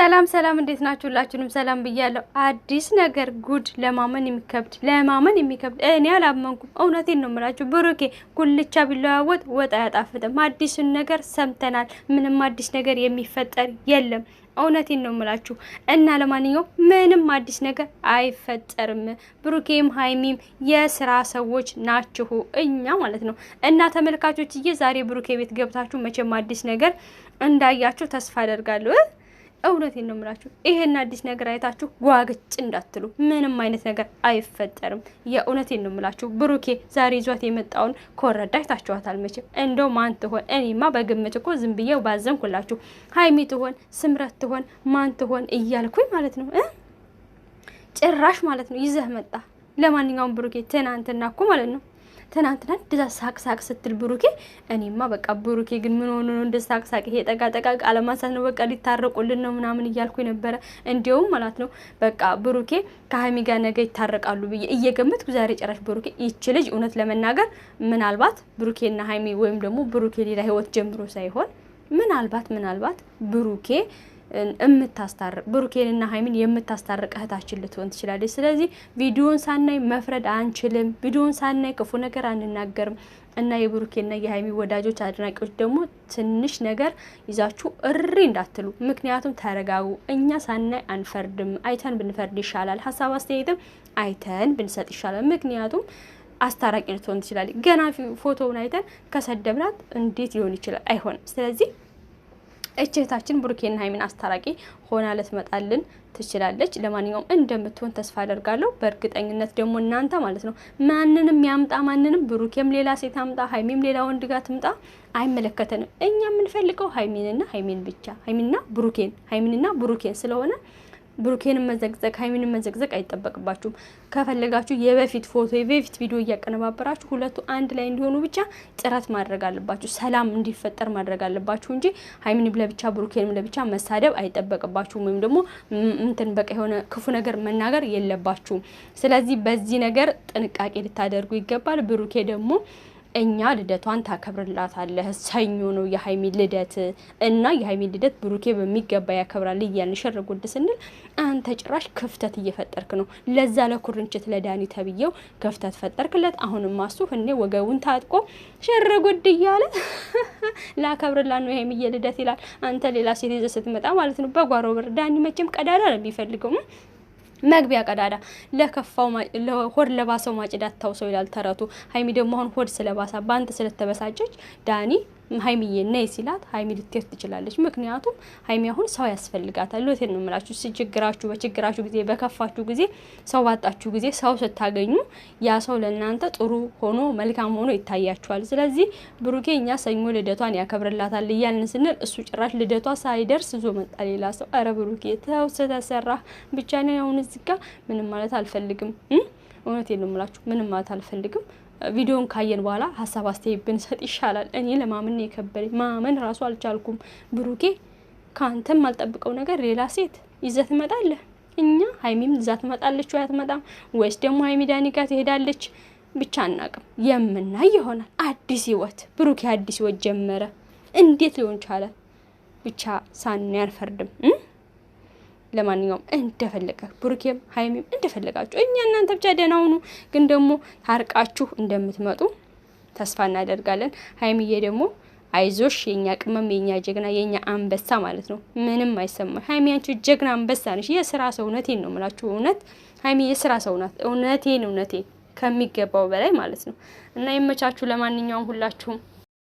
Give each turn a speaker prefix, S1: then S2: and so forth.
S1: ሰላም ሰላም፣ እንዴት ናችሁ? ሁላችሁንም ሰላም ብያለሁ። አዲስ ነገር ጉድ! ለማመን የሚከብድ ለማመን የሚከብድ እኔ አላመንኩም። እውነቴን ነው የምላችሁ። ብሩኬ ጉልቻ ቢለዋወጥ ወጥ አያጣፍጥም። አዲሱን ነገር ሰምተናል። ምንም አዲስ ነገር የሚፈጠር የለም። እውነቴን ነው የምላችሁ እና ለማንኛውም ምንም አዲስ ነገር አይፈጠርም። ብሩኬም ሀይሚም የስራ ሰዎች ናችሁ፣ እኛ ማለት ነው። እና ተመልካቾችዬ ዛሬ ብሩኬ ቤት ገብታችሁ መቼም አዲስ ነገር እንዳያችሁ ተስፋ አደርጋለሁ። እውነቴን ነው የምላችሁ። ይሄን አዲስ ነገር አይታችሁ ጓግጭ እንዳትሉ፣ ምንም አይነት ነገር አይፈጠርም። የእውነቴን ነው የምላችሁ። ብሩኬ ዛሬ ይዟት የመጣውን ኮረዳ አይታችኋታል መቼም። እንደው ማን ትሆን? እኔማ በግምት እኮ ዝም ብዬው ባዘንኩላችሁ። ሀይሚ ትሆን፣ ስምረት ትሆን፣ ማን ትሆን እያልኩኝ ማለት ነው። ጭራሽ ማለት ነው ይዘህ መጣ። ለማንኛውም ብሩኬ ትናንትና እኮ ማለት ነው ትናንትና እንደዛ ሳቅሳቅ ስትል ብሩኬ፣ እኔማ በቃ ብሩኬ ግን ምን ሆኖ ነው እንደ ሳቅሳቅ ይሄ ጠቃጠቃ አለማንሳት ነው በቃ ሊታረቁልን ነው ምናምን እያልኩ ነበረ። እንዲሁም ማለት ነው በቃ ብሩኬ ከሀይሚ ጋር ነገ ይታረቃሉ ብዬ እየገመትኩ ዛሬ ጨራሽ ብሩኬ ይቺ ልጅ እውነት ለመናገር ምናልባት ብሩኬና ሀይሚ ወይም ደግሞ ብሩኬ ሌላ ህይወት ጀምሮ ሳይሆን ምናልባት ምናልባት ብሩኬ የምታስታርቅ ብሩኬንና ሀይሚን የምታስታርቅ እህታችን ልትሆን ትችላለች። ስለዚህ ቪዲዮን ሳናይ መፍረድ አንችልም። ቪዲዮን ሳናይ ክፉ ነገር አንናገርም እና የብሩኬና የሀይሚ ወዳጆች አድናቂዎች ደግሞ ትንሽ ነገር ይዛችሁ እሪ እንዳትሉ፣ ምክንያቱም ተረጋጉ። እኛ ሳናይ አንፈርድም። አይተን ብንፈርድ ይሻላል። ሀሳብ አስተያየትም አይተን ብንሰጥ ይሻላል። ምክንያቱም አስታራቂ ልትሆን ትችላለች። ገና ፎቶውን አይተን ከሰደብናት እንዴት ሊሆን ይችላል? አይሆንም። ስለዚህ እህታችን ብሩኬና ሀይሚን አስታራቂ ሆና ልትመጣልን ትችላለች። ለማንኛውም እንደምትሆን ተስፋ አደርጋለሁ። በእርግጠኝነት ደግሞ እናንተ ማለት ነው ማንንም ያምጣ ማንንም፣ ብሩኬም ሌላ ሴት አምጣ፣ ሀይሚም ሌላ ወንድ ጋር ትምጣ፣ አይመለከተንም። እኛ የምንፈልገው ሀይሚንና ሀይሚን ብቻ ሀይሚንና ብሩኬን ሀይሚንና ብሩኬን ስለሆነ ብሩኬን መዘግዘግ ሀይሚን መዘግዘግ አይጠበቅባችሁም። ከፈለጋችሁ የበፊት ፎቶ የበፊት ቪዲዮ እያቀነባበራችሁ ሁለቱ አንድ ላይ እንዲሆኑ ብቻ ጥረት ማድረግ አለባችሁ። ሰላም እንዲፈጠር ማድረግ አለባችሁ እንጂ ሀይሚንም ለብቻ ብሩኬንም ለብቻ መሳደብ አይጠበቅባችሁም። ወይም ደግሞ እንትን በቃ የሆነ ክፉ ነገር መናገር የለባችሁም። ስለዚህ በዚህ ነገር ጥንቃቄ ልታደርጉ ይገባል። ብሩኬ ደግሞ እኛ ልደቷን ታከብርላታለህ። ሰኞ ነው የሀይሚ ልደት እና የሀይሚ ልደት ብሩኬ በሚገባ ያከብራል እያልን ሽር ጉድ ስንል አንተ ጭራሽ ክፍተት እየፈጠርክ ነው። ለዛ ለኩርንችት ለዳኒ ተብዬው ክፍተት ፈጠርክለት። አሁንም ማሱ ህኔ ወገቡን ታጥቆ ሽር ጉድ እያለ ላከብርላ ነው የሀይሚ ልደት ይላል። አንተ ሌላ ሴት ይዘህ ስትመጣ ማለት ነው በጓሮ በር ዳኒ መቼም ቀዳዳ ነው የሚፈልገው መግቢያ ቀዳዳ ለከፋው ሆድ ለባሰው ማጭዳት አታውሰው ይላል ተረቱ። ሀይሚ ደግሞ አሁን ሆድ ስለባሳ በአንተ ስለተበሳጨች ዳኒ ሀይሚዬ ነይ ሲላት ሀይሚ ልትሄድ ትችላለች። ምክንያቱም ሀይሚ አሁን ሰው ያስፈልጋታል። ሎቴን ነው ምላችሁ ሲችግራችሁ በችግራችሁ ጊዜ በከፋችሁ ጊዜ ሰው ባጣችሁ ጊዜ ሰው ስታገኙ ያ ሰው ለእናንተ ጥሩ ሆኖ መልካም ሆኖ ይታያችኋል። ስለዚህ ብሩኬ እኛ ሰኞ ልደቷን ያከብርላታል እያልን ስንል እሱ ጭራሽ ልደቷ ሳይደርስ ይዞ መጣ ሌላ ሰው። ኧረ ብሩኬ ተው ስተሰራ ብቻ ነው። አሁን እዚህ ጋ ምንም ማለት አልፈልግም። እውነቴን ነው የምላችሁ ምንም ማለት አልፈልግም። ቪዲዮን ካየን በኋላ ሀሳብ አስተያየት ብንሰጥ ይሻላል። እኔ ለማመን የከበደኝ ማመን ራሱ አልቻልኩም። ብሩኬ ከአንተም አልጠብቀው ነገር ሌላ ሴት ይዘህ ትመጣለህ። እኛ ሀይሚም ይዛ ትመጣለች ወይ አትመጣም፣ ወይስ ደግሞ ሀይሚ ዳኒ ጋር ትሄዳለች? ብቻ አናቅም። የምናይ ይሆናል። አዲስ ህይወት ብሩኬ አዲስ ህይወት ጀመረ። እንዴት ሊሆን ቻለ? ብቻ ሳን አንፈርድም። ለማንኛውም እንደፈለገ ብሩኬም ሀይሚም እንደፈለጋችሁ እኛ እናንተ ብቻ ደህና ሁኑ። ግን ደግሞ ታርቃችሁ እንደምትመጡ ተስፋ እናደርጋለን። ሀይሚዬ ደግሞ አይዞሽ የኛ ቅመም የኛ ጀግና የኛ አንበሳ ማለት ነው። ምንም አይሰማ ሀይሚ፣ አንቺ ጀግና አንበሳ ነሽ። የስራ ሰው እውነቴን ነው የምላችሁ። እውነት ሀይሚ የስራ ሰው ናት። እውነቴን እውነቴን ከሚገባው በላይ ማለት ነው። እና የመቻችሁ ለማንኛውም ሁላችሁም